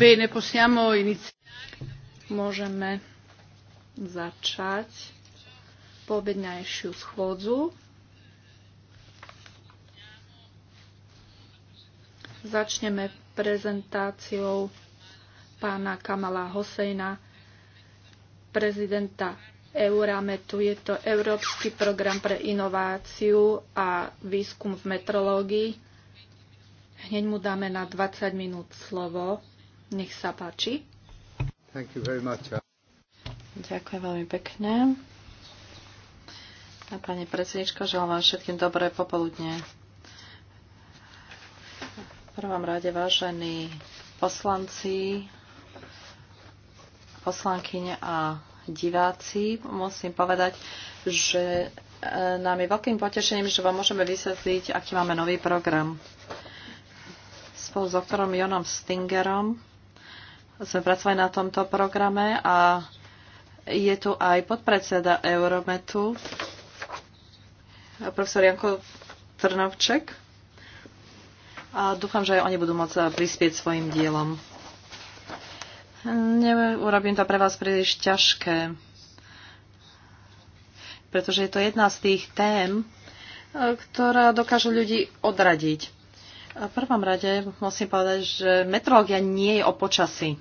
Bene, possiamo iniziare. Môžeme začať poobedňajšiu schôdzu. Začneme prezentáciou pána Kamala Hosejna, prezidenta Eurametu. Je to Európsky program pre inováciu a výskum v metrológii Hneď mu dáme na 20 minút slovo. Nech sa páči. Thank you very much. Ďakujem veľmi pekne. A pani predsednička, želám vám všetkým dobré popoludne. V prvom rade, vážení poslanci, poslankyne a diváci, musím povedať, že e, nám je veľkým potešením, že vám môžeme vysvetliť, aký máme nový program spolu s doktorom Jonom Stingerom sme pracovali na tomto programe a je tu aj podpredseda Eurometu, profesor Janko Trnovček. A dúfam, že aj oni budú môcť prispieť svojim dielom. Neurobím to pre vás príliš ťažké, pretože je to jedna z tých tém, ktorá dokáže ľudí odradiť v prvom rade musím povedať, že metrológia nie je o počasí.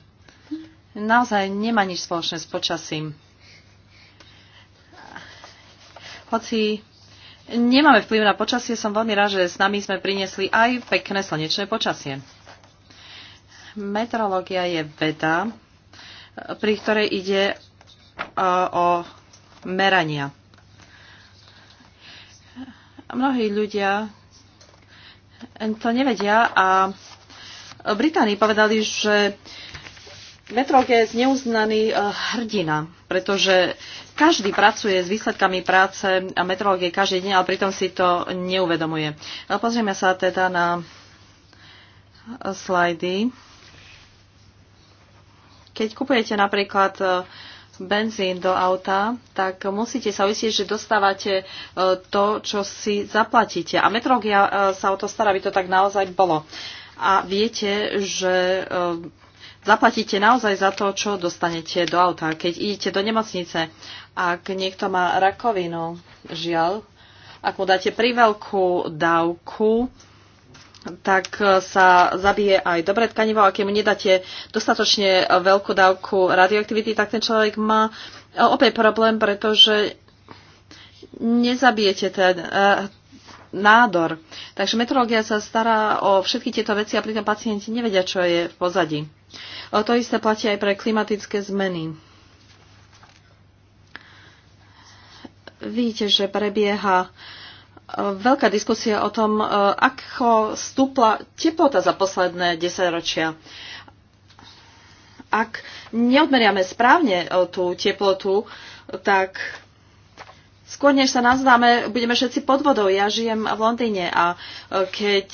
Naozaj nemá nič spoločné s počasím. Hoci nemáme vplyv na počasie, som veľmi rád, že s nami sme priniesli aj pekné slnečné počasie. Meteorológia je veda, pri ktorej ide e, o merania. Mnohí ľudia, to nevedia a Británii povedali, že Metrog je zneuznaný e, hrdina, pretože každý pracuje s výsledkami práce a metrológie každý deň, ale pritom si to neuvedomuje. Pozrieme sa teda na slajdy. Keď kupujete napríklad e, benzín do auta, tak musíte sa uistiť, že dostávate e, to, čo si zaplatíte. A metrológia e, sa o to stará, aby to tak naozaj bolo. A viete, že e, zaplatíte naozaj za to, čo dostanete do auta. Keď idete do nemocnice, ak niekto má rakovinu, žiaľ, ak mu dáte priveľkú dávku tak e, sa zabije aj dobré tkanivo. A keď mu nedáte dostatočne veľkú dávku radioaktivity, tak ten človek má e, opäť problém, pretože nezabijete ten e, nádor. Takže metrológia sa stará o všetky tieto veci a pritom pacienti nevedia, čo je v pozadí. O to isté platí aj pre klimatické zmeny. Vidíte, že prebieha veľká diskusia o tom, e, ako stúpla teplota za posledné desaťročia. Ak neodmeriame správne e, tú teplotu, tak skôr než sa nazváme, budeme všetci pod vodou. Ja žijem v Londýne a e, keď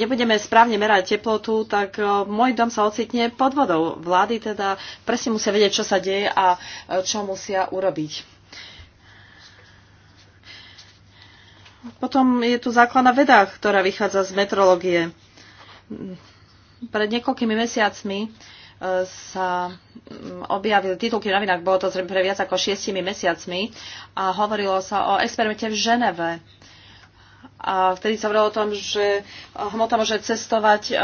nebudeme správne merať teplotu, tak môj dom sa ocitne pod vodou. Vlády teda presne musia vedieť, čo sa deje a čo musia urobiť. Potom je tu základná veda, ktorá vychádza z metrológie. Pred niekoľkými mesiacmi e, sa objavili titulky v novinách, bolo to zrejme pre viac ako šiestimi mesiacmi, a hovorilo sa o experimente v Ženeve. A vtedy sa hovorilo o tom, že eh, hmota môže cestovať eh,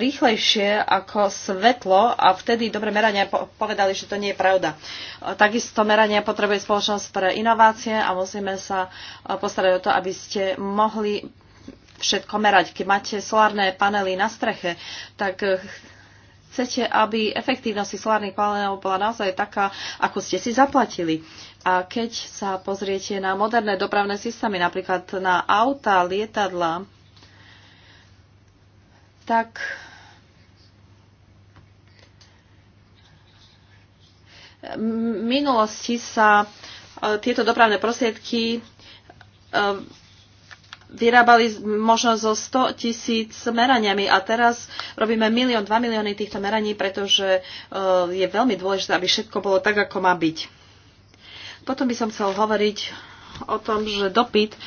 rýchlejšie ako svetlo a vtedy dobre merania povedali, že to nie je pravda. Eh, takisto merania potrebuje spoločnosť pre inovácie a musíme sa postarať o to, aby ste mohli všetko merať. Keď máte solárne panely na streche, tak chcete, aby efektívnosť solárnych panelov bola naozaj taká, ako ste si zaplatili. A keď sa pozriete na moderné dopravné systémy, napríklad na auta, lietadla, tak v minulosti sa e, tieto dopravné prostriedky e, vyrábali možno zo 100 tisíc meraniami a teraz robíme milión, dva milióny týchto meraní, pretože e, je veľmi dôležité, aby všetko bolo tak, ako má byť. Potom by som chcel hovoriť o tom, že dopyt e,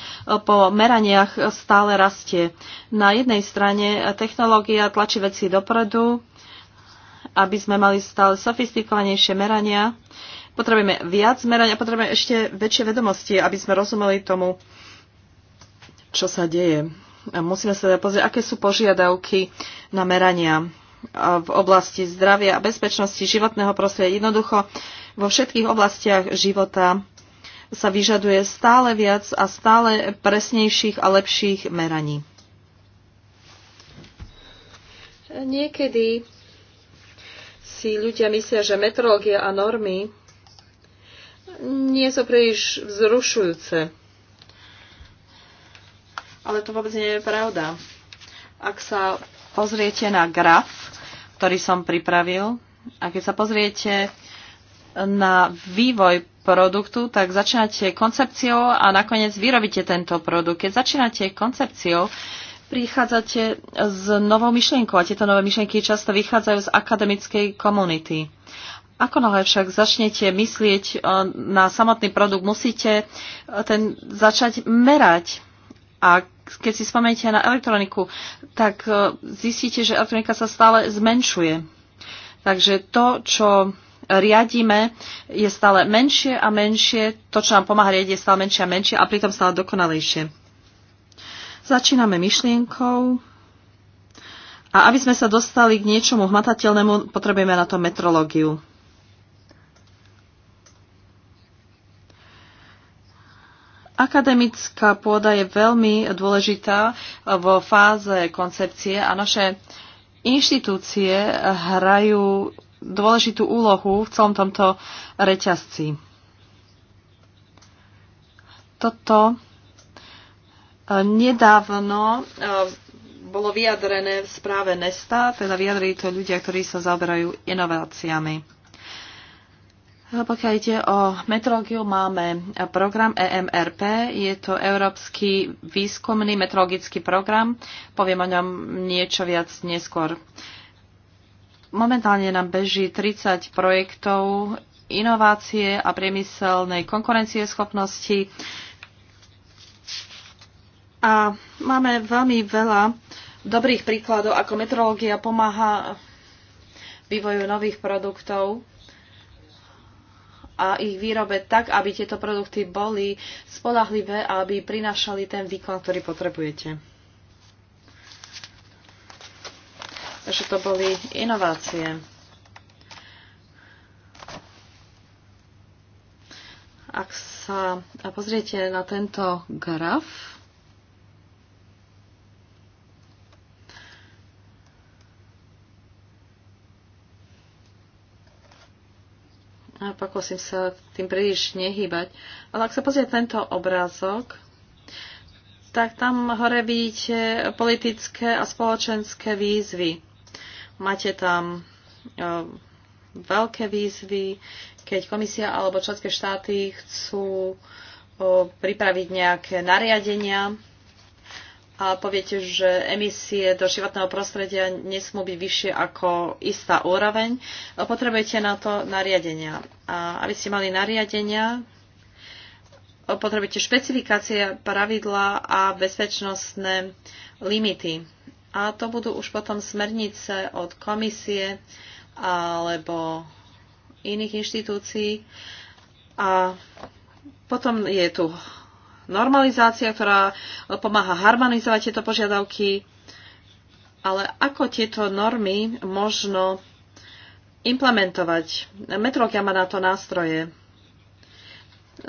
po meraniach stále rastie. Na jednej strane technológia tlačí veci dopredu, aby sme mali stále sofistikovanejšie merania. Potrebujeme viac merania, potrebujeme ešte väčšie vedomosti, aby sme rozumeli tomu, čo sa deje. A musíme sa teda pozrieť, aké sú požiadavky na merania v oblasti zdravia a bezpečnosti životného prostredia. Jednoducho vo všetkých oblastiach života sa vyžaduje stále viac a stále presnejších a lepších meraní. Niekedy si ľudia myslia, že metrológia a normy nie sú príliš vzrušujúce ale to vôbec nie je pravda. Ak sa pozriete na graf, ktorý som pripravil, a keď sa pozriete na vývoj produktu, tak začínate koncepciou a nakoniec vyrobíte tento produkt. Keď začínate koncepciou, prichádzate s novou myšlienkou a tieto nové myšlienky často vychádzajú z akademickej komunity. Ako náhle však začnete myslieť eh, na samotný produkt, musíte eh, ten začať merať a keď si spomeniete na elektroniku, tak e, zistíte, že elektronika sa stále zmenšuje. Takže to, čo riadíme, je stále menšie a menšie, to, čo nám pomáha riadiť, je stále menšie a menšie a pritom stále dokonalejšie. Začíname myšlienkou. A aby sme sa dostali k niečomu hmatateľnému, potrebujeme na to metrológiu. Akademická pôda je veľmi dôležitá vo fáze koncepcie a naše inštitúcie hrajú dôležitú úlohu v celom tomto reťazci. Toto e, nedávno e, bolo vyjadrené v správe Nesta, teda vyjadrili to ľudia, ktorí sa zaoberajú inováciami. Pokiaľ ide o metrológiu, máme program EMRP. Je to Európsky výskumný metrologický program. Poviem o ňom niečo viac neskôr. Momentálne nám beží 30 projektov inovácie a priemyselnej konkurencieschopnosti. A máme veľmi veľa dobrých príkladov, ako metrológia pomáha vývoju nových produktov a ich výrobe tak, aby tieto produkty boli spolahlivé a aby prinášali ten výkon, ktorý potrebujete. Takže to boli inovácie. Ak sa pozriete na tento graf, pokúsim sa tým príliš nehýbať. Ale ak sa pozrie tento obrázok, tak tam hore vidíte politické a spoločenské výzvy. Máte tam e, veľké výzvy, keď komisia alebo členské štáty chcú e, pripraviť nejaké nariadenia a poviete, že emisie do životného prostredia nesmú byť vyššie ako istá úroveň, potrebujete na to nariadenia. A aby ste mali nariadenia, potrebujete špecifikácie, pravidla a bezpečnostné limity. A to budú už potom smernice od komisie alebo iných inštitúcií. A potom je tu normalizácia, ktorá e, pomáha harmonizovať tieto požiadavky. Ale ako tieto normy možno implementovať? Metrológia má na to nástroje.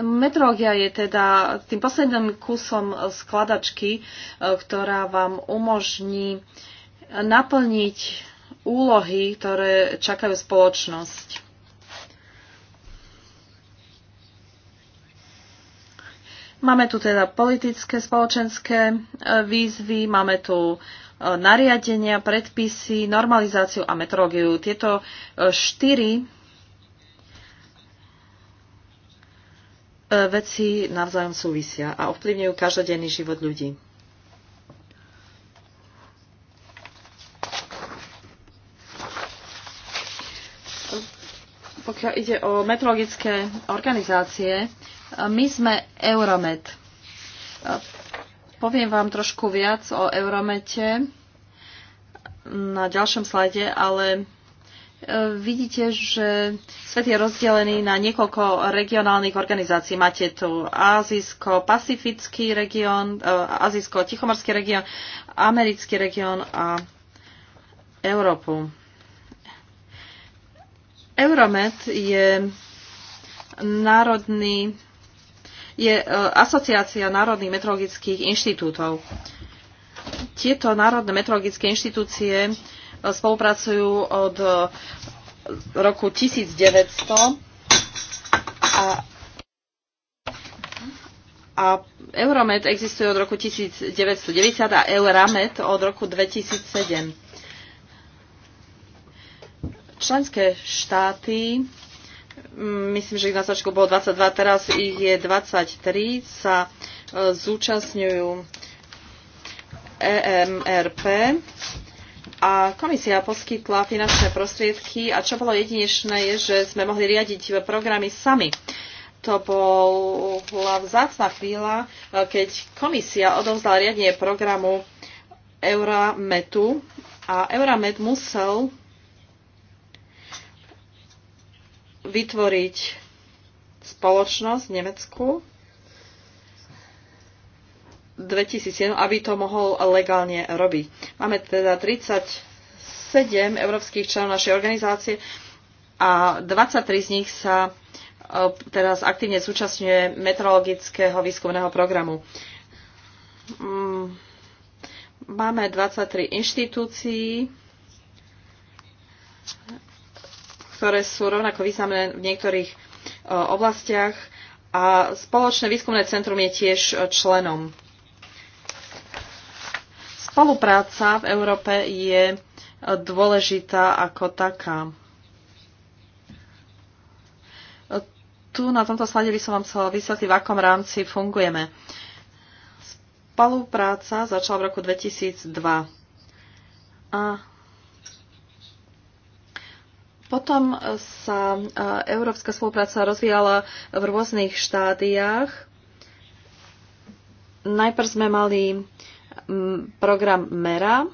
Metrológia je teda tým posledným kusom skladačky, e, ktorá vám umožní naplniť úlohy, ktoré čakajú spoločnosť. Máme tu teda politické, spoločenské e, výzvy, máme tu e, nariadenia, predpisy, normalizáciu a metrológiu. Tieto e, štyri veci navzájom súvisia a ovplyvňujú každodenný život ľudí. Pokiaľ ide o metrologické organizácie, my sme Euromed. Poviem vám trošku viac o Euromete na ďalšom slajde, ale e, vidíte, že svet je rozdelený na niekoľko regionálnych organizácií. Máte tu Azijsko-Pacifický región, e, Azijsko-Tichomorský región, Americký región a Európu. Euromed je národný je e, Asociácia národných metrologických inštitútov. Tieto národné metrologické inštitúcie e, spolupracujú od e, roku 1900 a a Euromed existuje od roku 1990 a Euramed od roku 2007. Členské štáty myslím, že ich na začiatku bolo 22, teraz ich je 23, sa e, zúčastňujú EMRP a komisia poskytla finančné prostriedky a čo bolo jedinečné je, že sme mohli riadiť programy sami. To bola vzácna chvíľa, e, keď komisia odovzdala riadenie programu Eurametu a Euramet musel vytvoriť spoločnosť v Nemecku 2007, aby to mohol legálne robiť. Máme teda 37 európskych členov našej organizácie a 23 z nich sa e, teraz aktívne zúčastňuje meteorologického výskumného programu. Mm, máme 23 inštitúcií, ktoré sú rovnako významné v niektorých e, oblastiach a spoločné výskumné centrum je tiež e, členom. Spolupráca v Európe je e, dôležitá ako taká. Tu na tomto slade by som vám chcela vysvetliť, v akom rámci fungujeme. Spolupráca začala v roku 2002 a potom e, sa e, európska spolupráca rozvíjala v rôznych štádiách. Najprv sme mali program MERA,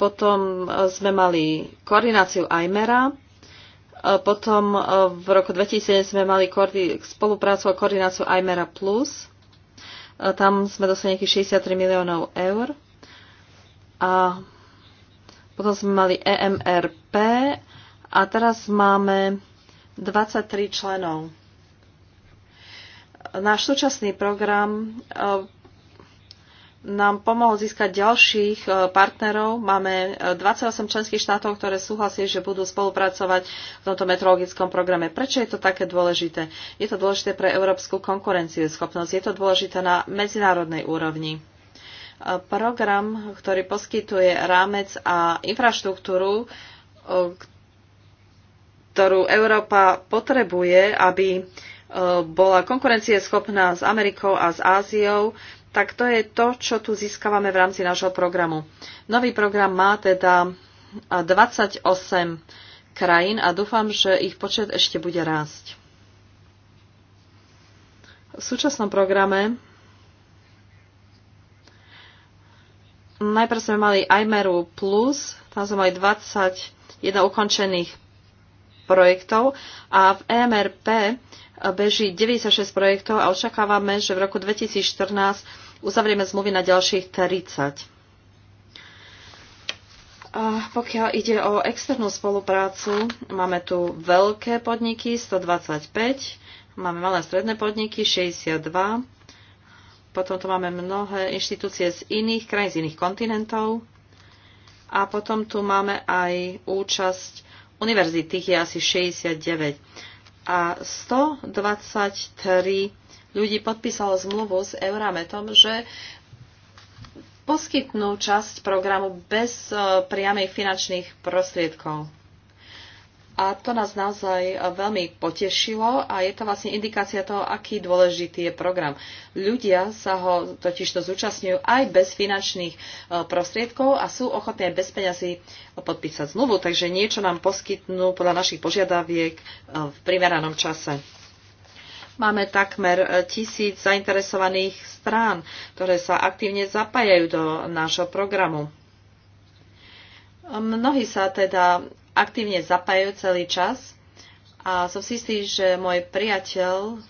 potom e, sme mali koordináciu IMERA, potom v roku 2007 sme mali spoluprácu a koordináciu IMERA+. Plus. Tam sme dostali nejakých 63 miliónov eur. A potom sme mali EMRP a teraz máme 23 členov. Náš súčasný program eh, nám pomohol získať ďalších eh, partnerov. Máme 28 eh, členských štátov, ktoré súhlasia, že budú spolupracovať v tomto metrologickom programe. Prečo je to také dôležité? Je to dôležité pre európsku konkurencieschopnosť, je to dôležité na medzinárodnej úrovni. Program, ktorý poskytuje rámec a infraštruktúru, ktorú Európa potrebuje, aby e, bola konkurencieschopná s Amerikou a s Áziou, tak to je to, čo tu získavame v rámci nášho programu. Nový program má teda 28 e, krajín a dúfam, že ich počet ešte bude rásť. V súčasnom programe najprv sme mali Ajmeru Plus, tam sme mali 21 ukončených projektov a v EMRP beží 96 projektov a očakávame, že v roku 2014 uzavrieme zmluvy na ďalších 30. A pokiaľ ide o externú spoluprácu, máme tu veľké podniky 125, máme malé stredné podniky 62, potom tu máme mnohé inštitúcie z iných krajín, z iných kontinentov a potom tu máme aj účasť univerzít, tých je asi 69. A 123 ľudí podpísalo zmluvu s Eurametom, že poskytnú časť programu bez eh, priamých finančných prostriedkov. A to nás naozaj veľmi potešilo a je to vlastne indikácia toho, aký dôležitý je program. Ľudia sa ho to zúčastňujú aj bez finančných e, prostriedkov a sú ochotní aj bez peňazí podpísať zmluvu, takže niečo nám poskytnú podľa našich požiadaviek e, v primeranom čase. Máme takmer e, tisíc zainteresovaných strán, ktoré sa aktívne zapájajú do nášho programu. Mnohí sa teda aktívne zapájajú celý čas a som si istý, že môj priateľ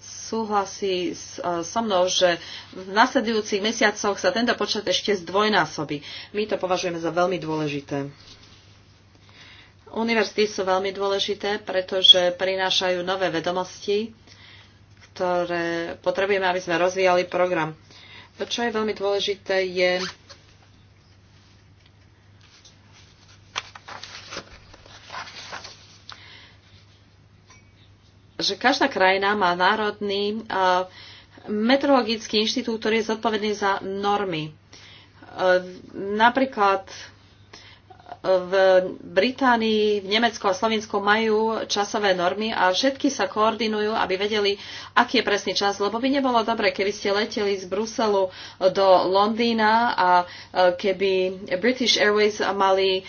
súhlasí e, so mnou, že v nasledujúcich mesiacoch sa tento počet ešte zdvojnásobí. My to považujeme za veľmi dôležité. Univerzity sú veľmi dôležité, pretože prinášajú nové vedomosti, ktoré potrebujeme, aby sme rozvíjali program. To, čo je veľmi dôležité, je že každá krajina má národný e, meteorologický inštitút, ktorý je zodpovedný za normy. E, napríklad e, v Británii, v Nemecku a Slovensku majú časové normy a všetky sa koordinujú, aby vedeli, aký je presný čas, lebo by nebolo dobre, keby ste leteli z Bruselu do Londýna a keby British Airways mali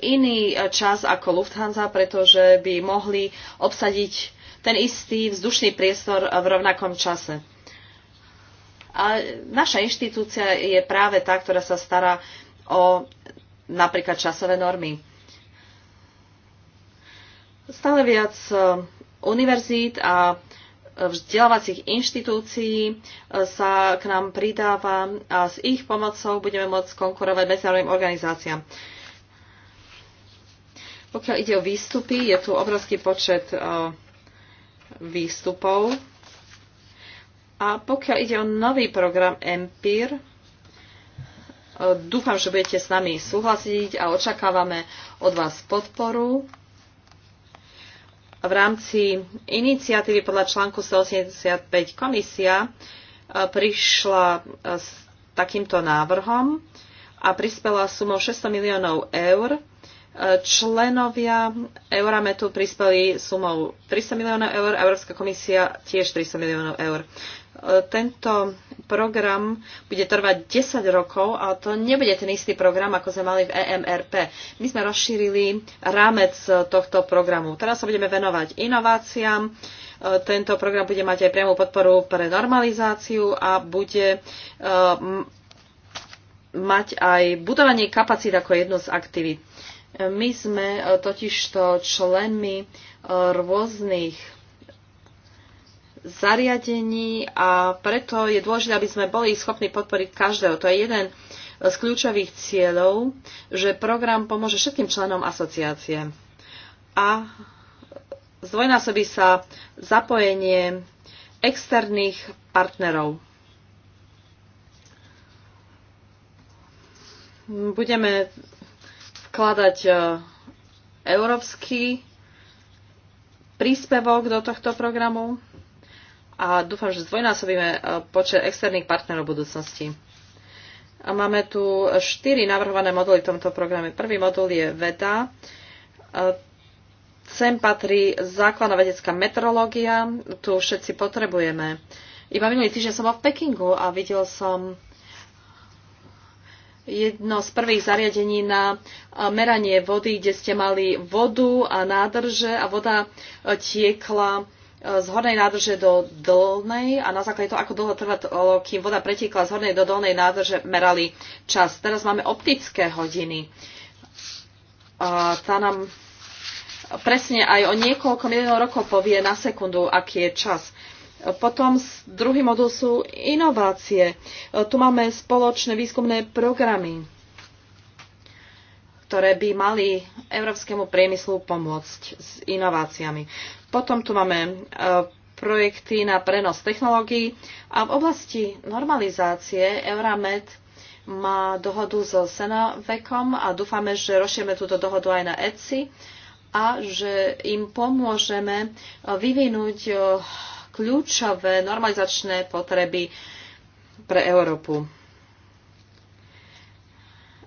iný čas ako Lufthansa, pretože by mohli obsadiť ten istý vzdušný priestor v rovnakom čase. A naša inštitúcia je práve tá, ktorá sa stará o napríklad časové normy. Stále viac e, univerzít a e, vzdelávacích inštitúcií e, sa k nám pridáva a s ich pomocou budeme môcť konkurovať medzinárodným organizáciám. Pokiaľ ide o výstupy, je tu obrovský počet výstupov. A pokiaľ ide o nový program EMPIR, e, dúfam, že budete s nami súhlasiť a očakávame od vás podporu. V rámci iniciatívy podľa článku 185 komisia e, prišla e, s takýmto návrhom a prispela sumou 600 miliónov eur Členovia Eurametu prispeli sumou 300 miliónov eur, Európska komisia tiež 300 miliónov eur. Tento program bude trvať 10 rokov a to nebude ten istý program, ako sme mali v EMRP. My sme rozšírili rámec tohto programu. Teraz sa budeme venovať inováciám. Tento program bude mať aj priamu podporu pre normalizáciu a bude eh, mať aj budovanie kapacít ako jednu z aktivít. My sme e, totižto členmi e, rôznych zariadení a preto je dôležité, aby sme boli schopní podporiť každého. To je jeden z kľúčových cieľov, že program pomôže všetkým členom asociácie. A zdvojnásobí sa zapojenie externých partnerov. Budeme vkladať e, európsky príspevok do tohto programu a dúfam, že zdvojnásobíme e, počet externých partnerov v budúcnosti. A máme tu štyri navrhované moduly v tomto programe. Prvý modul je veda. E, sem patrí základná vedecká metrológia. Tu všetci potrebujeme. Iba minulý týždeň som bol v Pekingu a videl som jedno z prvých zariadení na eh, meranie vody, kde ste mali vodu a nádrže a voda eh, tiekla eh, z hornej nádrže do dolnej a na základe toho, ako dlho trvalo, kým voda pretiekla z hornej do dolnej nádrže, merali čas. Teraz máme optické hodiny. A tá nám presne aj o niekoľko miliónov rokov povie na sekundu, aký je čas. Potom druhý modul sú inovácie. E, tu máme spoločné výskumné programy, ktoré by mali európskemu priemyslu pomôcť s inováciami. Potom tu máme e, projekty na prenos technológií a v oblasti normalizácie Euramed má dohodu so Senavekom a dúfame, že rozšieme túto dohodu aj na ETSI a že im pomôžeme e, vyvinúť kľúčové normalizačné potreby pre Európu.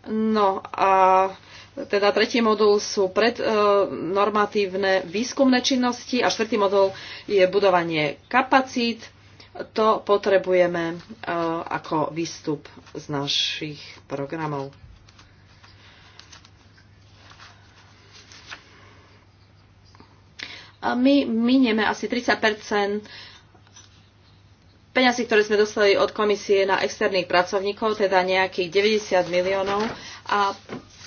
No a teda tretí modul sú prednormatívne výskumné činnosti a štvrtý modul je budovanie kapacít. To potrebujeme e, ako výstup z našich programov. a my minieme asi 30 peňazí, ktoré sme dostali od komisie na externých pracovníkov, teda nejakých 90 miliónov a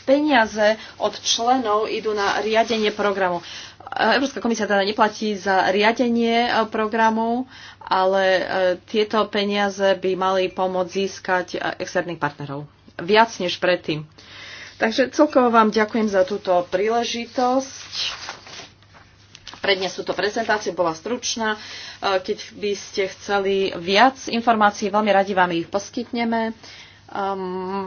peniaze od členov idú na riadenie programu. Európska komisia teda neplatí za riadenie programu, ale e, tieto peniaze by mali pomôcť získať e, externých partnerov. Viac než predtým. Takže celkovo vám ďakujem za túto príležitosť predniesť túto prezentáciu, bola stručná. E, Keď by ste chceli viac informácií, veľmi radi vám ich poskytneme. E,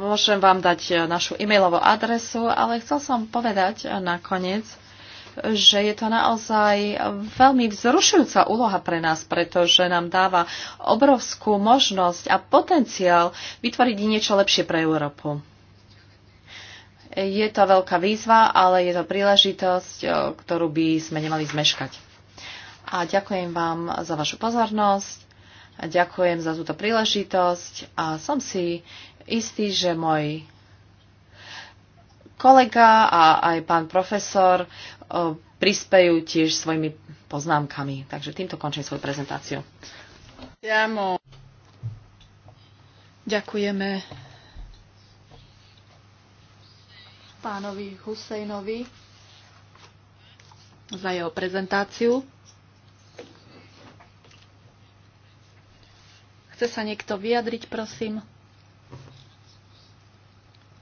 Môžem vám dať našu e-mailovú adresu, ale chcel som povedať nakoniec, že je to naozaj veľmi vzrušujúca úloha pre nás, pretože nám dáva obrovskú možnosť a potenciál vytvoriť niečo lepšie pre Európu. Je to veľká výzva, ale je to príležitosť, e, ktorú by sme nemali zmeškať. A ďakujem vám za vašu pozornosť, a ďakujem za túto príležitosť a som si istý, že môj kolega a aj pán profesor e, prispejú tiež svojimi poznámkami. Takže týmto končím svoju prezentáciu. Ďakujeme pánovi Husejnovi za jeho prezentáciu. Chce sa niekto vyjadriť, prosím?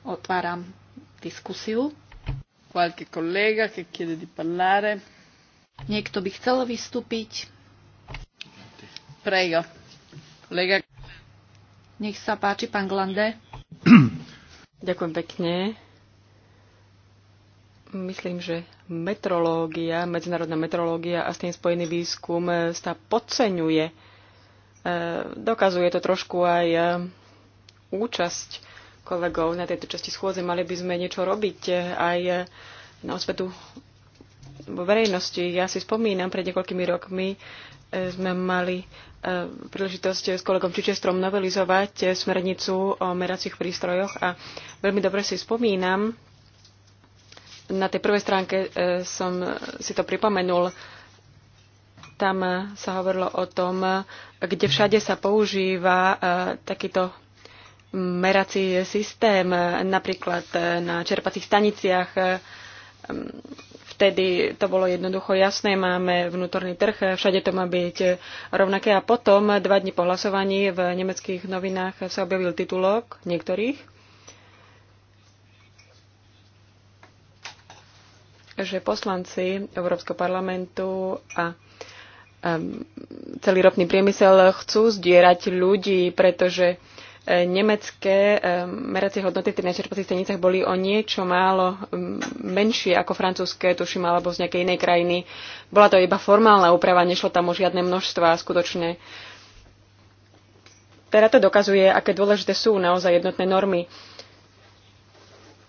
Otváram diskusiu. Qualche collega che chiede di parlare. Niekto by chcel vystúpiť? Prego. Kolega. Nech sa páči, pán Glande. Ďakujem pekne. Myslím, že metrológia, medzinárodná metrológia a s tým spojený výskum e, sa podceňuje. E, dokazuje to trošku aj e, účasť kolegov na tejto časti schôdze. Mali by sme niečo robiť aj na osvetu vo verejnosti. Ja si spomínam, pred niekoľkými rokmi sme mali príležitosť s kolegom Čičestrom novelizovať smernicu o meracích prístrojoch a veľmi dobre si spomínam, na tej prvej stránke e, som si to pripomenul. Tam e, sa hovorilo o tom, e, kde všade sa používa takýto merací systém, napríklad na čerpacích staniciach. Vtedy to bolo jednoducho jasné, máme vnútorný trh, všade to má byť rovnaké. A potom, dva dni po hlasovaní, v nemeckých novinách sa objavil titulok niektorých, že poslanci Európskeho parlamentu a celý ropný priemysel chcú zdierať ľudí, pretože e, nemecké meracie hodnoty v tých načerpacích stanicách boli o niečo málo menšie ako francúzske, tuším, alebo z nejakej inej krajiny. Bola to iba formálna úprava, nešlo tam o žiadne množstva skutočne. Teda to dokazuje, aké dôležité sú naozaj jednotné normy.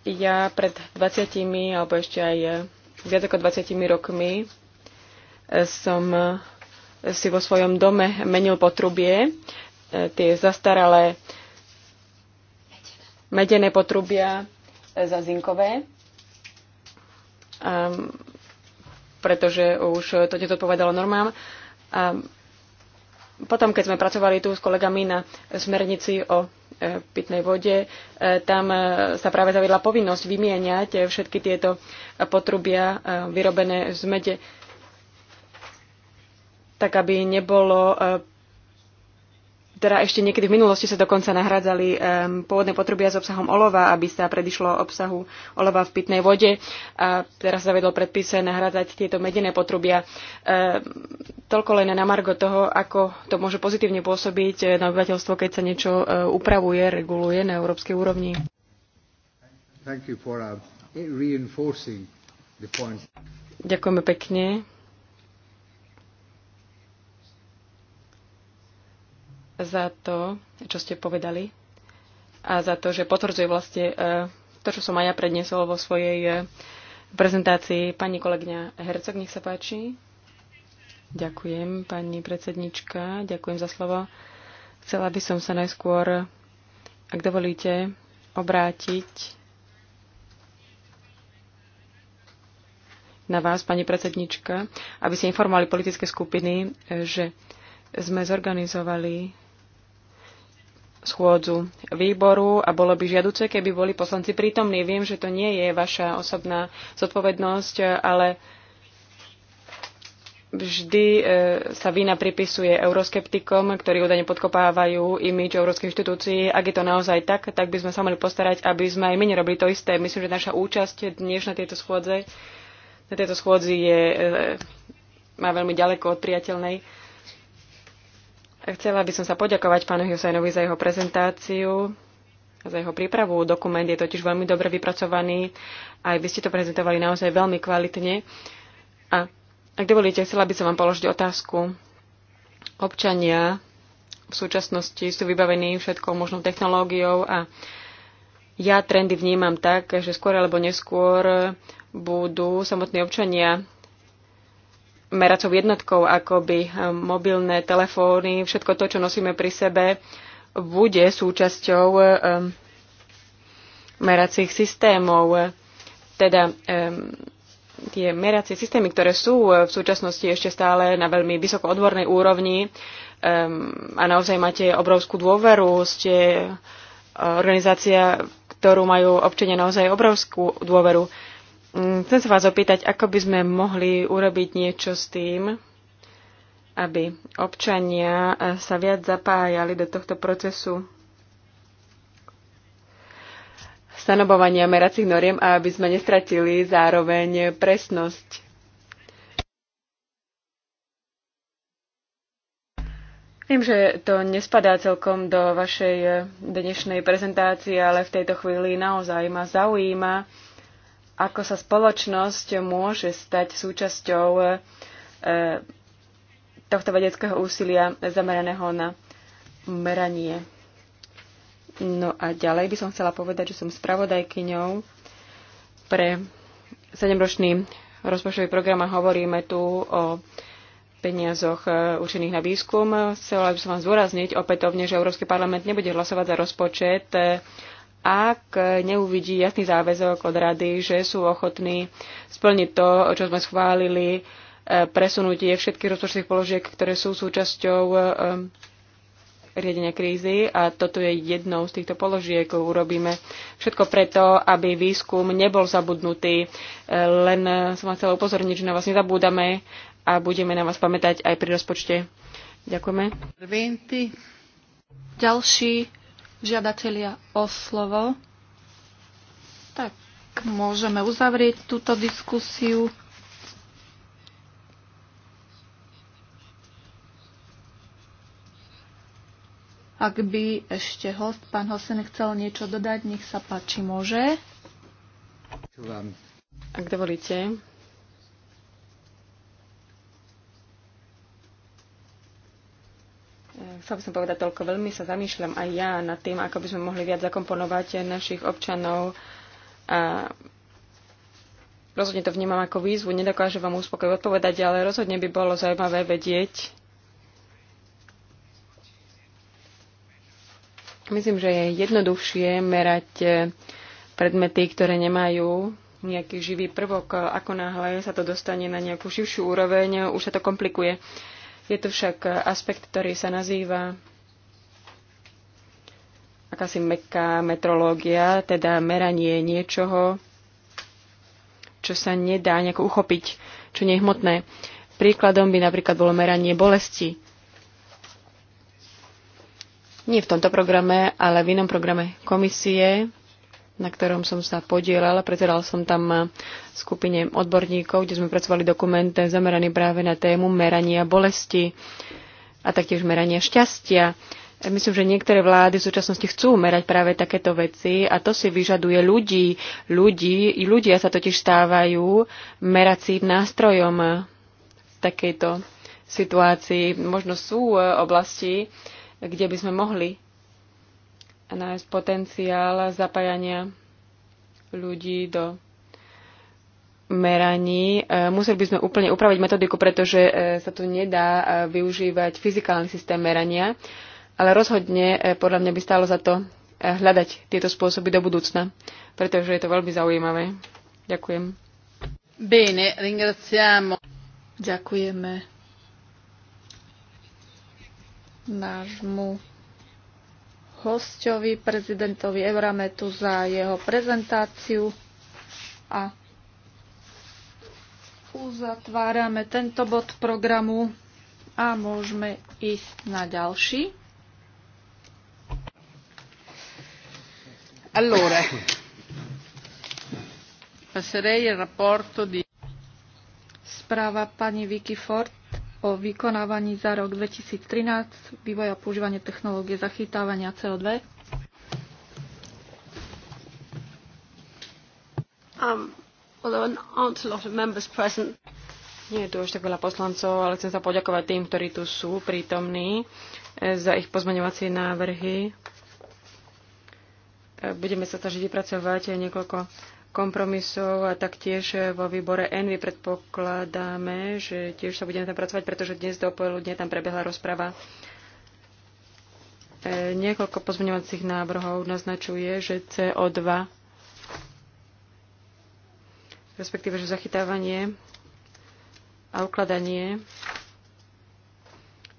Ja pred 20 alebo ešte aj viac ako 20 rokmi e, som e, si vo svojom dome menil potrubie, e, tie zastaralé medené potrubia za zinkové, pretože už to povedalo normám. A potom, keď sme pracovali tu s kolegami na smernici o pitnej vode. E, tam e, sa práve zaviedla povinnosť vymieňať e, všetky tieto potrubia vyrobené z mede, tak aby nebolo teda ešte niekedy v minulosti sa dokonca nahradzali um, pôvodné potrubia s obsahom olova, aby sa predišlo obsahu olova v pitnej vode. A teraz sa vedol predpise nahradzať tieto medené potrubia. Um, toľko len na margo toho, ako to môže pozitívne pôsobiť eh, na obyvateľstvo, keď sa niečo uh, upravuje, reguluje na európskej úrovni. Uh, Ďakujeme pekne za to, čo ste povedali a za to, že potvrdzuje vlastne e, to, čo som aj ja predniesol vo svojej e, prezentácii. Pani kolegyňa Hercog, nech sa páči. Ďakujem, pani predsednička. Ďakujem za slovo. Chcela by som sa najskôr, ak dovolíte, obrátiť na vás, pani predsednička, aby ste informovali politické skupiny, e, že sme zorganizovali schôdzu výboru a bolo by žiaduce, keby boli poslanci prítomní. Viem, že to nie je vaša osobná zodpovednosť, ale vždy e, sa vina pripisuje euroskeptikom, ktorí údajne podkopávajú imič európskej inštitúcii. Ak je to naozaj tak, tak by sme sa mali postarať, aby sme aj my nerobili to isté. Myslím, že naša účasť dnes na tejto schôdze na tejto schôdzi je, e, e, má veľmi ďaleko od priateľnej Chcela by som sa poďakovať pánu Husajnovi za jeho prezentáciu, za jeho prípravu. Dokument je totiž veľmi dobre vypracovaný. Aj vy ste to prezentovali naozaj veľmi kvalitne. A ak dovolíte, chcela by som vám položiť otázku. Občania v súčasnosti sú vybavení všetkou možnou technológiou a ja trendy vnímam tak, že skôr alebo neskôr budú samotní občania meracou jednotkou, ako by eh, mobilné telefóny, všetko to, čo nosíme pri sebe, bude súčasťou eh, meracích systémov. Teda tie meracie systémy, ktoré sú eh, v súčasnosti ešte stále na veľmi vysoko odbornej úrovni a naozaj máte obrovskú dôveru, ste organizácia, ktorú majú občania naozaj obrovskú dôveru Mm, chcem sa vás opýtať, ako by sme mohli urobiť niečo s tým, aby občania eh, sa viac zapájali do tohto procesu stanovovania meracích noriem a aby sme nestratili zároveň presnosť. Viem, že to nespadá celkom do vašej eh, dnešnej prezentácie, ale v tejto chvíli naozaj ma zaujíma, ako sa spoločnosť môže stať súčasťou e, tohto vedeckého úsilia zameraného na meranie. No a ďalej by som chcela povedať, že som spravodajkyňou pre 7-ročný rozpočtový program a hovoríme tu o peniazoch e, určených na výskum. Chcela by som vám zdôrazniť opätovne, že Európsky parlament nebude hlasovať za rozpočet e, ak neuvidí jasný záväzok od rady, že sú ochotní splniť to, čo sme schválili, e, presunutie všetkých rozpočtových položiek, ktoré sú súčasťou e, riadenia krízy a toto je jednou z týchto položiek. Urobíme všetko preto, aby výskum nebol zabudnutý. E, len som vás chcela upozorniť, že na vás nezabúdame a budeme na vás pamätať aj pri rozpočte. Ďakujeme. Ďalší žiadatelia o slovo. Tak môžeme uzavrieť túto diskusiu. Ak by ešte host, pán Hosen, chcel niečo dodať, nech sa páči, môže. Ak dovolíte, Chcel by som povedať toľko, veľmi sa zamýšľam aj ja nad tým, ako by sme mohli viac zakomponovať našich občanov. A rozhodne to vnímam ako výzvu, nedokážem vám uspokojivo odpovedať, ale rozhodne by bolo zaujímavé vedieť. Myslím, že je jednoduchšie merať eh, predmety, ktoré nemajú nejaký živý prvok. Ako náhle sa to dostane na nejakú širšiu úroveň, už sa to komplikuje. Je tu však aspekt, ktorý sa nazýva akási meká metrológia, teda meranie niečoho, čo sa nedá nejako uchopiť, čo nie je hmotné. Príkladom by napríklad bolo meranie bolesti. Nie v tomto programe, ale v inom programe komisie na ktorom som sa podielala. Predsedal som tam eh, skupine odborníkov, kde sme pracovali dokument zameraný práve na tému merania bolesti a taktiež merania šťastia. Eh, myslím, že niektoré vlády v súčasnosti chcú merať práve takéto veci a to si vyžaduje ľudí. Ľudí, i ľudia sa totiž stávajú meracím nástrojom eh, v takejto situácii. Možno sú oblasti, kde by sme mohli nájsť potenciál zapájania ľudí do meraní. E, museli by sme úplne upraviť metodiku, pretože e, sa tu nedá e, využívať fyzikálny systém merania, ale rozhodne podľa mňa by stálo za to hľadať tieto spôsoby do budúcna, pretože je to veľmi zaujímavé. Ďakujem. Bene, ringraziamo. Ďakujeme nášmu hosťovi, prezidentovi Eurametu za jeho prezentáciu a uzatvárame tento bod programu a môžeme ísť na ďalší. Allora, passerei il rapporto di... Správa pani Vicky Ford o vykonávaní za rok 2013, vývoj a používanie technológie zachytávania CO2. Um, nie je tu ešte veľa poslancov, ale chcem sa poďakovať tým, ktorí tu sú prítomní eh, za ich pozmeňovacie návrhy. Eh, budeme sa snažiť vypracovať eh, niekoľko kompromisov a taktiež vo výbore ENVI predpokladáme, že tiež sa budeme tam pracovať, pretože dnes do poludne tam prebehla rozprava. E, niekoľko pozmeňovacích návrhov naznačuje, že CO2, respektíve že zachytávanie a ukladanie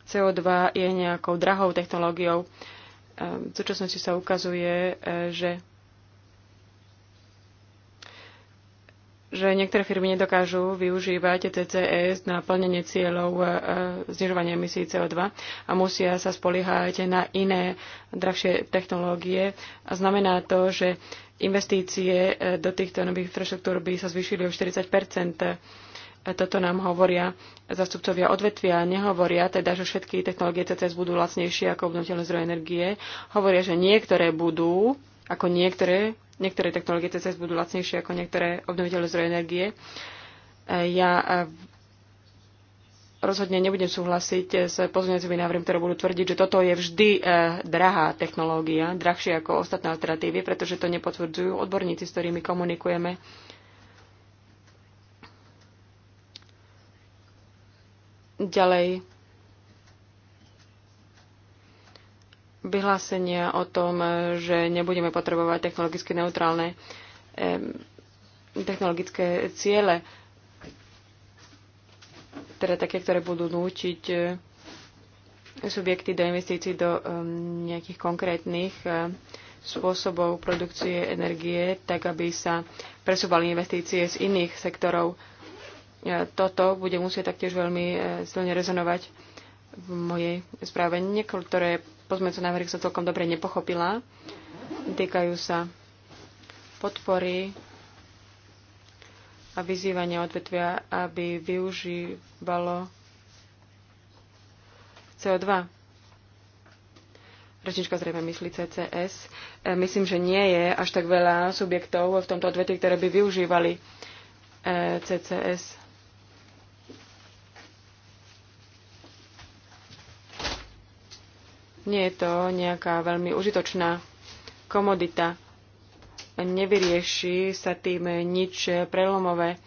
CO2 je nejakou drahou technológiou. E, v súčasnosti sa ukazuje, e, že že niektoré firmy nedokážu využívať CCS na plnenie cieľov e, znižovania emisí CO2 a musia sa spoliehať na iné drahšie technológie. A znamená to, že investície e, do týchto nových infraštruktúr by sa zvýšili o 40 e, toto nám hovoria zastupcovia odvetvia, nehovoria teda, že všetky technológie CCS budú lacnejšie ako obnoviteľné zdroje energie. Hovoria, že niektoré budú, ako niektoré niektoré technológie CCS budú lacnejšie ako niektoré obnoviteľné zdroje energie. E, ja e, rozhodne nebudem súhlasiť e, s pozmeňujúcimi návrhmi, ktoré budú tvrdiť, že toto je vždy drahá technológia, drahšia ako ostatné alternatívy, pretože to nepotvrdzujú odborníci, s ktorými komunikujeme. Ďalej, vyhlásenia o tom, že nebudeme potrebovať technologicky neutrálne technologické ciele, teda také, ktoré budú núčiť eh, subjekty do investícií do nejakých konkrétnych eh, spôsobov produkcie energie, tak aby sa presúvali investície z iných sektorov. Eh, toto bude musieť taktiež veľmi silne rezonovať v mojej správe. Niektoré pozmeňujúce návrhy som celkom dobre nepochopila. Týkajú sa podpory a vyzývania odvetvia, aby využívalo CO2. Rečnička zrejme myslí CCS. E, myslím, že nie je až tak veľa subjektov v tomto odvetvi, ktoré by využívali e, CCS. Nie je to nejaká veľmi užitočná komodita. Nevyrieši sa tým nič prelomové.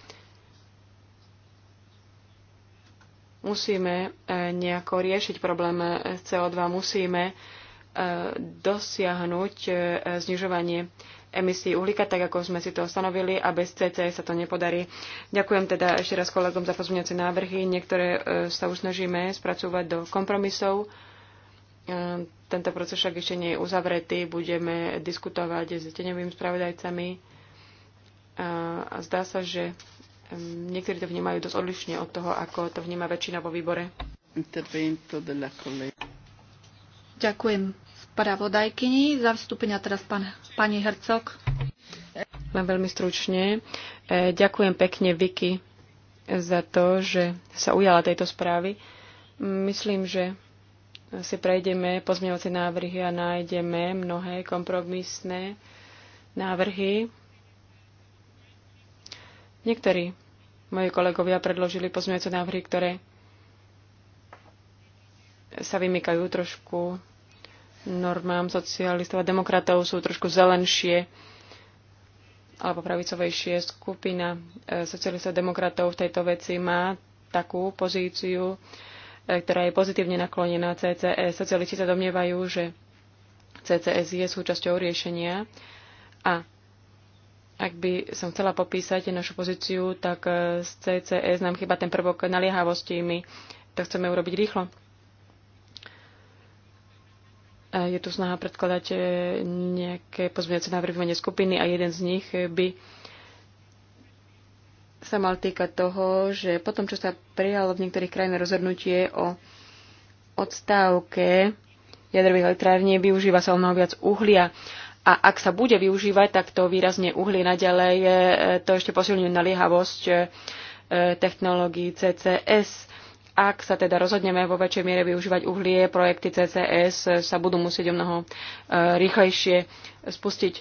Musíme e, nejako riešiť problém e, CO2, musíme e, dosiahnuť znižovanie emisí uhlíka, tak ako sme si to stanovili a bez CC sa to nepodarí. Ďakujem teda ešte raz kolegom za pozmeňujúce návrhy. Niektoré sa už snažíme spracovať do kompromisov. Ehm, tento proces však ešte nie je uzavretý. Budeme diskutovať s teňovými spravodajcami. Ehm, a zdá sa, že ehm, niektorí to vnímajú dosť odlišne od toho, ako to vníma väčšina vo výbore. Ďakujem spravodajkyni za vstúpenia teraz pán, pani Hercog. Len veľmi stručne. E, ďakujem pekne Vicky za to, že sa ujala tejto správy. Myslím, že si prejdeme pozmeňovacie návrhy a nájdeme mnohé kompromisné návrhy. Niektorí moji kolegovia predložili pozmeňovacie návrhy, ktoré sa vymykajú trošku normám socialistov a demokratov, sú trošku zelenšie alebo pravicovejšie. Skupina e, socialistov a demokratov v tejto veci má takú pozíciu, E, ktorá je pozitívne naklonená CCS. Socialisti sa domnievajú, že CCS je súčasťou riešenia a ak by som chcela popísať našu pozíciu, tak e, z CCS nám chyba ten prvok naliehavosti. My to chceme urobiť rýchlo. E, je tu snaha predkladať nejaké pozmeňujúce návrhy v mene skupiny a jeden z nich by sa mal týkať toho, že potom, čo sa prijalo v niektorých krajinách rozhodnutie o odstávke jadrových elektrární, využíva sa o mnoho viac uhlia. A ak sa bude využívať, tak to výrazne uhlie naďalej, e, to ešte posilňuje naliehavosť e, technológií CCS. Ak sa teda rozhodneme vo väčšej miere využívať uhlie, projekty CCS sa budú musieť o mnoho e, rýchlejšie spustiť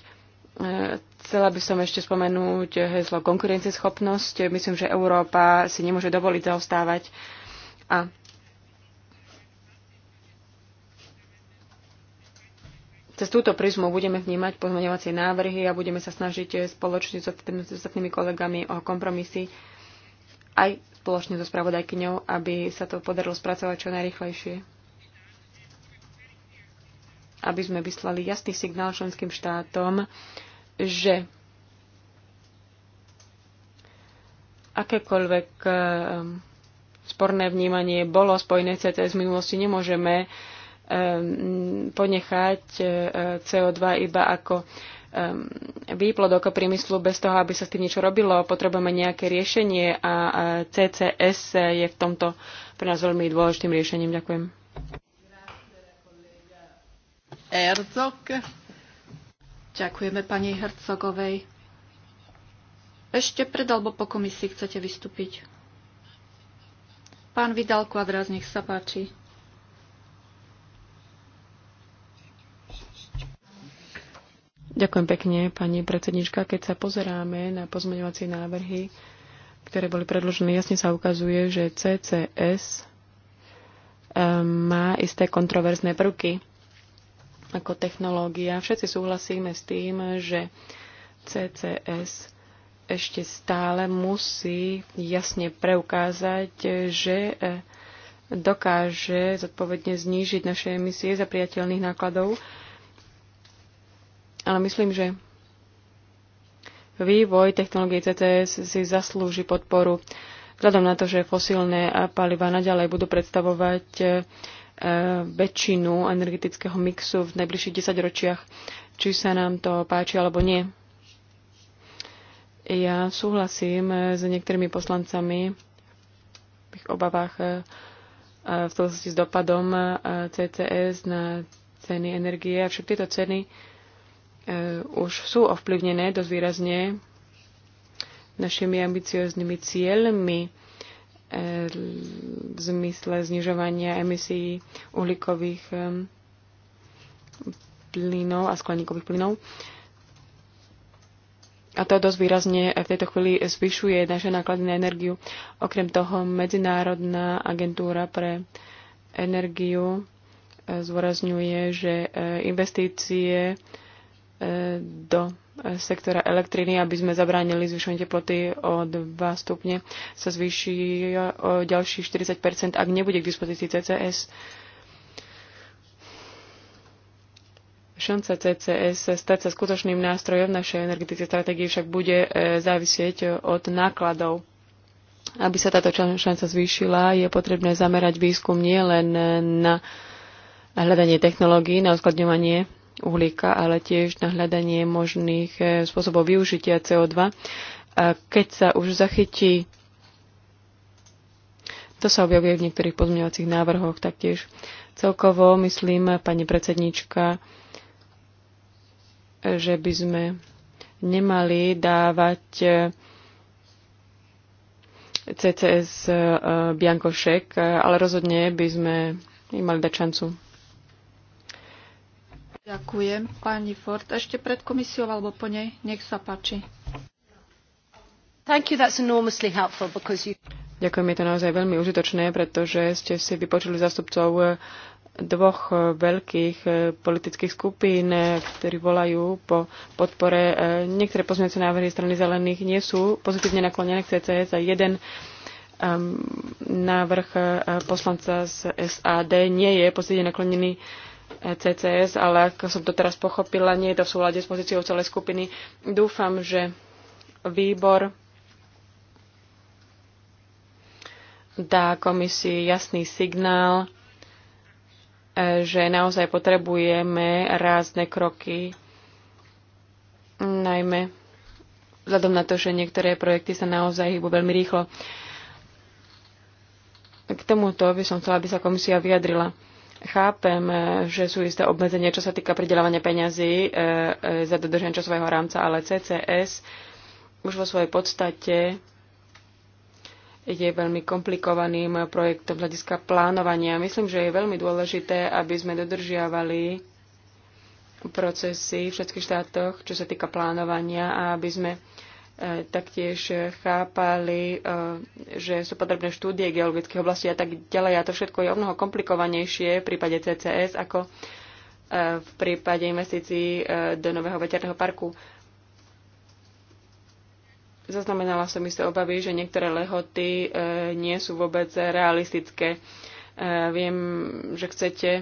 Chcela by som ešte spomenúť heslo konkurencieschopnosť. Myslím, že Európa si nemôže dovoliť zaostávať. A cez túto prizmu budeme vnímať pozmeňovacie návrhy a budeme sa snažiť spoločne s ostatnými kolegami o kompromisy aj spoločne so spravodajkyňou, aby sa to podarilo spracovať čo najrychlejšie. Aby sme vyslali jasný signál členským štátom, že akékoľvek eh, sporné vnímanie bolo spojené CCS v minulosti, nemôžeme eh, ponechať eh, CO2 iba ako výplodok priemyslu bez toho, aby sa s tým niečo robilo. Potrebujeme nejaké riešenie a CCS je v tomto pre nás veľmi dôležitým riešením. Ďakujem. Erzog. Ďakujeme pani Hercogovej. Ešte pred alebo po komisii chcete vystúpiť? Pán Vidal Kvadrás, nech sa páči. Ďakujem pekne, pani predsednička. Keď sa pozeráme na pozmeňovacie návrhy, ktoré boli predložené, jasne sa ukazuje, že CCS ehm, má isté kontroverzné prvky ako technológia. Všetci súhlasíme s tým, že CCS ešte stále musí jasne preukázať, že e, dokáže zodpovedne znížiť naše emisie za priateľných nákladov. Ale myslím, že vývoj technológie CCS si zaslúži podporu. Vzhľadom na to, že fosílne paliva naďalej budú predstavovať e, E, väčšinu energetického mixu v najbližších desaťročiach, či sa nám to páči alebo nie. Ja súhlasím s niektorými poslancami v ich obavách e, e, v súvislosti s dopadom CCS na ceny energie. Avšak tieto ceny už sú ovplyvnené dosť výrazne našimi ambicioznými cieľmi v zmysle znižovania emisí uhlíkových plynov a skleníkových plynov. A to dosť výrazne v tejto chvíli zvyšuje naše náklady na energiu. Okrem toho, Medzinárodná agentúra pre energiu eh, zvorazňuje, že eh, investície E, do sektora elektriny, aby sme zabránili zvyšovanie teploty o 2 stupne, sa zvýši o ďalších 40 ak nebude k dispozícii CCS. Šanca CCS stať sa skutočným nástrojom našej energetickej stratégie však bude e, závisieť od nákladov. Aby sa táto šanca zvýšila, je potrebné zamerať výskum nielen na hľadanie technológií, na uskladňovanie uhlíka, ale tiež na hľadanie možných e, spôsobov využitia CO2. A keď sa už zachytí, to sa objavuje v niektorých pozmeňovacích návrhoch taktiež. Celkovo myslím, pani predsednička, že by sme nemali dávať e, CCS e, Biankošek, ale rozhodne by sme im mali dať šancu. Ďakujem. Pani Ford, ešte pred komisiou alebo po nej, nech sa páči. Thank you, that's enormously helpful because you... Ďakujem, je to naozaj veľmi užitočné, pretože ste si vypočuli zástupcov eh, dvoch eh, veľkých eh, politických skupín, ktorí volajú po podpore. Niektoré pozmeňujúce návrhy strany zelených nie sú pozitívne naklonené k CCS a jeden ehm, návrh poslanca z SAD nie je pozitívne naklonený E CCS, ale ako som to teraz pochopila, nie je to v súlade s pozíciou celej skupiny. Dúfam, že výbor dá komisii jasný signál, e, že naozaj potrebujeme rázne kroky, najmä vzhľadom na to, že niektoré projekty sa naozaj hýbu veľmi rýchlo. K tomuto by som chcela, aby sa komisia vyjadrila. Chápem, že sú isté obmedzenia, čo sa týka pridelávania peňazí e, e, za dodržanie časového rámca, ale CCS už vo svojej podstate je veľmi komplikovaným projektom z hľadiska plánovania. Myslím, že je veľmi dôležité, aby sme dodržiavali procesy v všetkých štátoch, čo sa týka plánovania a aby sme E, taktiež chápali, e, že sú potrebné štúdie geologických oblastí a tak ďalej. A to všetko je o mnoho komplikovanejšie v prípade CCS ako e, v prípade investícií do nového veterného parku. Zaznamenala som isté obavy, že niektoré lehoty nie sú vôbec realistické. Viem, že chcete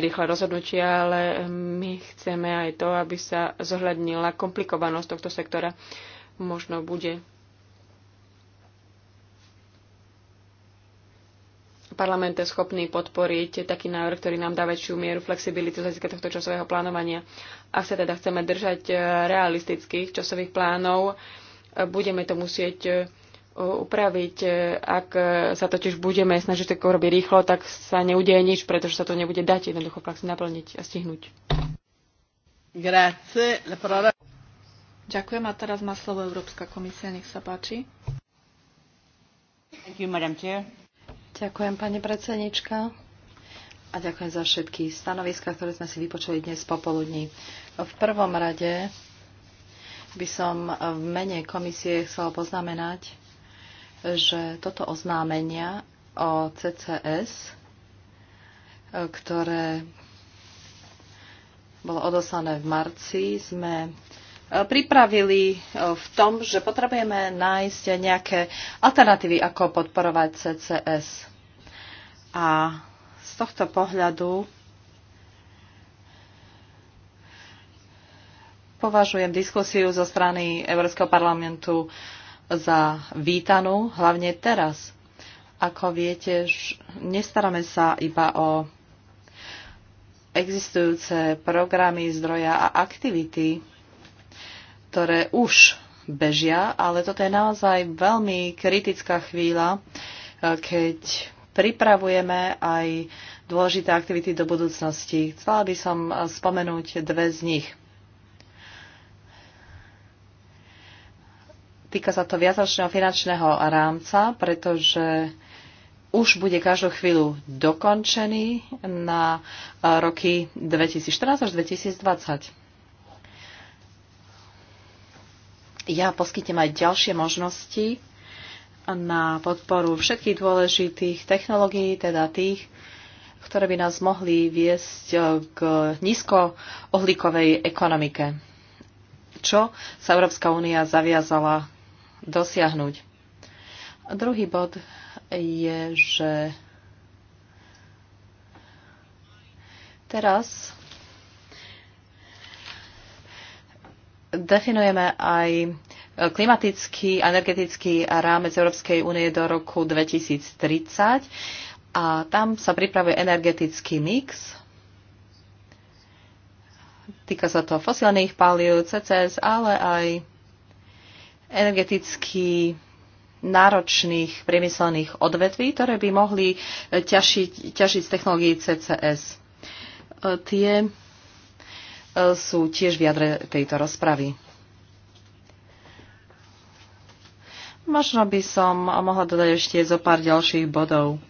rýchle rozhodnutia, ale my chceme aj to, aby sa zohľadnila komplikovanosť tohto sektora možno bude. Parlament je schopný podporiť taký návrh, ktorý nám dá väčšiu mieru flexibility z hľadiska tohto časového plánovania. Ak sa teda chceme držať eh, realistických časových plánov, eh, budeme to musieť eh, upraviť. Ak sa totiž budeme snažiť to robiť rýchlo, tak sa neudeje nič, pretože sa to nebude dať jednoducho v praxi naplniť a stihnúť. Grazie. Ďakujem a teraz má slovo Európska komisia, nech sa páči. Thank you, Madam Chair. Ďakujem, pani predsednička. A ďakujem za všetky stanoviska, ktoré sme si vypočuli dnes popoludní. V prvom rade by som v mene komisie chcela poznamenať, že toto oznámenia o CCS, ktoré bolo odoslané v marci, sme pripravili e, v tom, že potrebujeme nájsť nejaké alternatívy, ako podporovať CCS. A z tohto pohľadu považujem diskusiu zo strany Európskeho parlamentu za vítanú, hlavne teraz. Ako viete, nestaráme sa iba o existujúce programy, zdroja a aktivity, ktoré už bežia, ale toto je naozaj veľmi kritická chvíľa, e, keď pripravujeme aj dôležité aktivity do budúcnosti. Chcela by som e, spomenúť dve z nich. Týka sa to viacročného finančného rámca, pretože už bude každú chvíľu dokončený na e, roky 2014 až 2020 Ja poskytnem aj ďalšie možnosti na podporu všetkých dôležitých technológií, teda tých, ktoré by nás mohli viesť e, k nízkouhlíkovej ekonomike. Čo sa Európska únia zaviazala dosiahnuť? druhý bod je, že teraz definujeme aj klimatický a energetický rámec Európskej únie do roku 2030 a tam sa pripravuje energetický mix. Týka sa to fosilných palív, CCS, ale aj energeticky náročných priemyselných odvetví, ktoré by mohli ťažiť, ťažiť z technológií CCS. Tie sú tiež v jadre tejto rozpravy. Možno by som mohla dodať ešte zo pár ďalších bodov.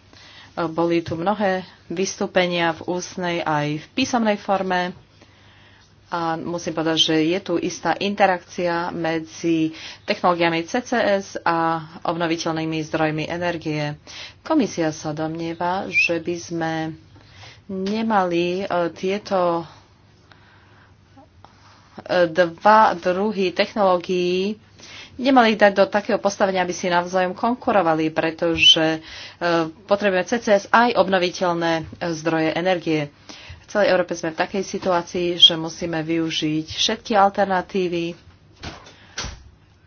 Boli tu mnohé vystúpenia v ústnej aj v písomnej forme a musím povedať, že je tu istá interakcia medzi technológiami CCS a obnoviteľnými zdrojmi energie. Komisia sa domnieva, že by sme nemali e, tieto dva druhy technológií nemali dať do takého postavenia, aby si navzájom konkurovali, pretože e, potrebujeme CCS aj obnoviteľné e, zdroje energie. V celej Európe sme v takej situácii, že musíme využiť všetky alternatívy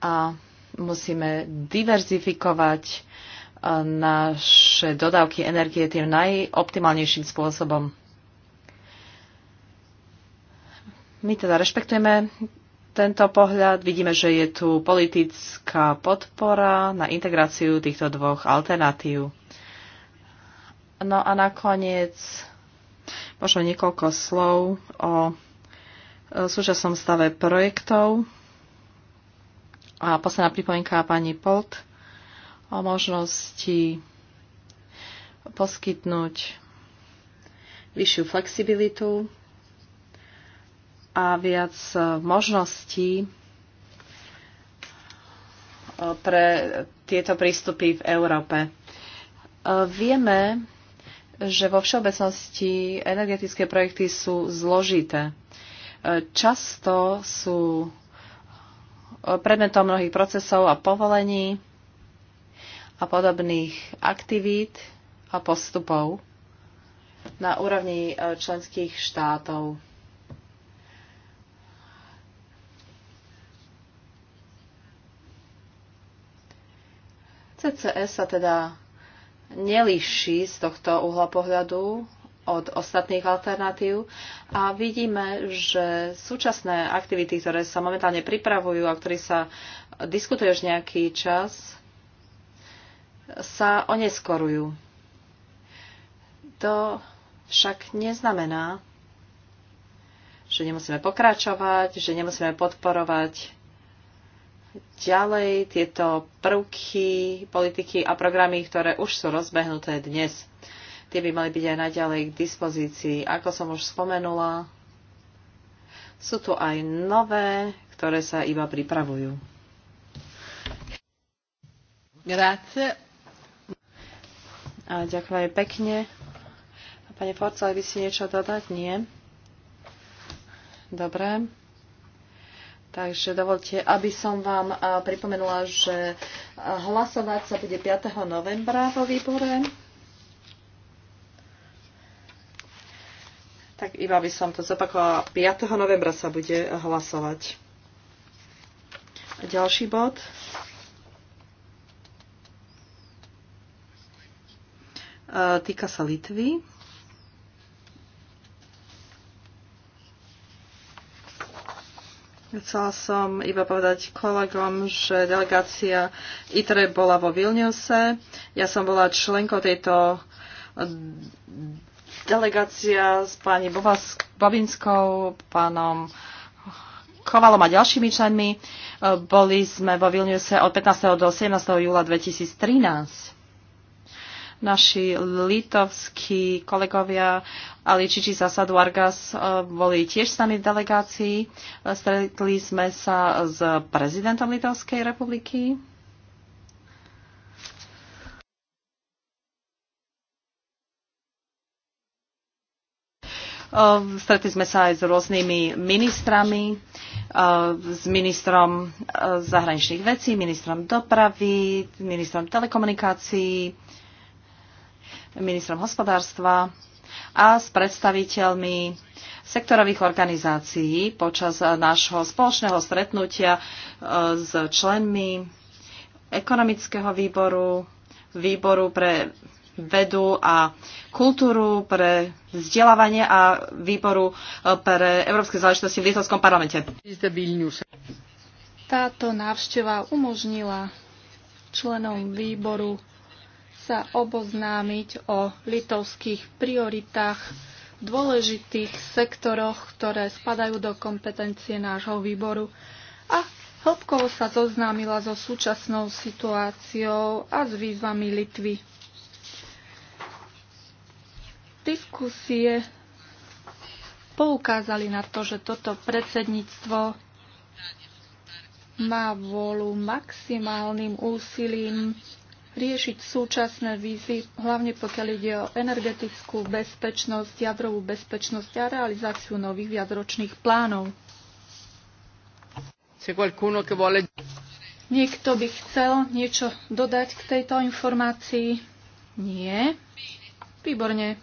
a musíme diverzifikovať e, naše dodávky energie tým najoptimálnejším spôsobom. My teda rešpektujeme tento pohľad. Vidíme, že je tu politická podpora na integráciu týchto dvoch alternatív. No a nakoniec možno niekoľko slov o e, súčasnom stave projektov. A posledná pripomienka pani Polt o možnosti poskytnúť vyššiu flexibilitu a viac e, možností e, pre tieto prístupy v Európe. E, vieme, že vo všeobecnosti energetické projekty sú zložité. Často sú predmetom mnohých procesov a povolení a podobných aktivít a postupov na úrovni členských štátov. CCS sa teda nelíši z tohto uhla pohľadu od ostatných alternatív a vidíme, že súčasné aktivity, ktoré sa momentálne pripravujú a ktoré sa diskutuje už nejaký čas, sa oneskorujú. To však neznamená, že nemusíme pokračovať, že nemusíme podporovať ďalej tieto prvky, politiky a programy, ktoré už sú rozbehnuté dnes. Tie by mali byť aj naďalej k dispozícii. Ako som už spomenula, sú tu aj nové, ktoré sa iba pripravujú. Grazie. A ďakujem pekne. Pane pani Forca, vy si niečo dodať? Nie? Dobre. Takže dovolte, aby som vám pripomenula, že hlasovať sa bude 5. novembra vo výbore. Tak iba by som to zopakovala. 5. novembra sa bude hlasovať. Ďalší bod. Týka sa Litvy. Chcela som iba povedať kolegom, že delegácia ITRE bola vo Vilniuse. Ja som bola členkou tejto delegácia s pani Bobinskou, pánom Kovalom a ďalšími členmi. Boli sme vo Vilniuse od 15. do 17. júla 2013. Naši litovskí kolegovia Ali Čiči Zasadu Argas e, boli tiež s nami v delegácii. E, stretli sme sa s prezidentom Litovskej republiky. E, stretli sme sa aj s rôznymi ministrami, s ministrom zahraničných vecí, ministrom dopravy, ministrom telekomunikácií, ministrom hospodárstva a s predstaviteľmi sektorových organizácií počas nášho spoločného stretnutia e, s členmi ekonomického výboru, výboru pre vedu a kultúru, pre vzdelávanie a výboru e, pre európske záležitosti v Litovskom parlamente. Táto návšteva umožnila členom výboru sa oboznámiť o litovských prioritách, dôležitých sektoroch, ktoré spadajú do kompetencie nášho výboru a hĺbkovo sa zoznámila so súčasnou situáciou a s výzvami Litvy. Diskusie poukázali na to, že toto predsedníctvo má volu maximálnym úsilím riešiť súčasné vízy, hlavne pokiaľ ide o energetickú bezpečnosť, jadrovú bezpečnosť a realizáciu nových jadročných plánov. Niekto by chcel niečo dodať k tejto informácii? Nie? Výborne.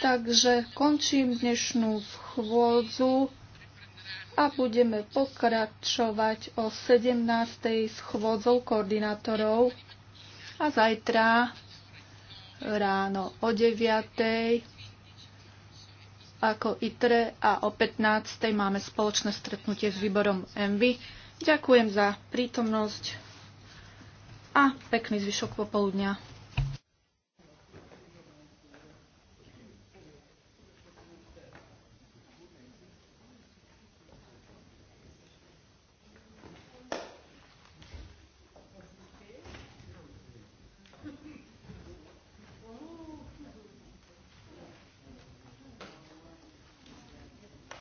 Takže končím dnešnú schôdzu a budeme pokračovať o 17. schôdzou koordinátorov a zajtra ráno o 9. ako ITRE a o 15. máme spoločné stretnutie s výborom ENVY. Ďakujem za prítomnosť a pekný zvyšok popoludňa.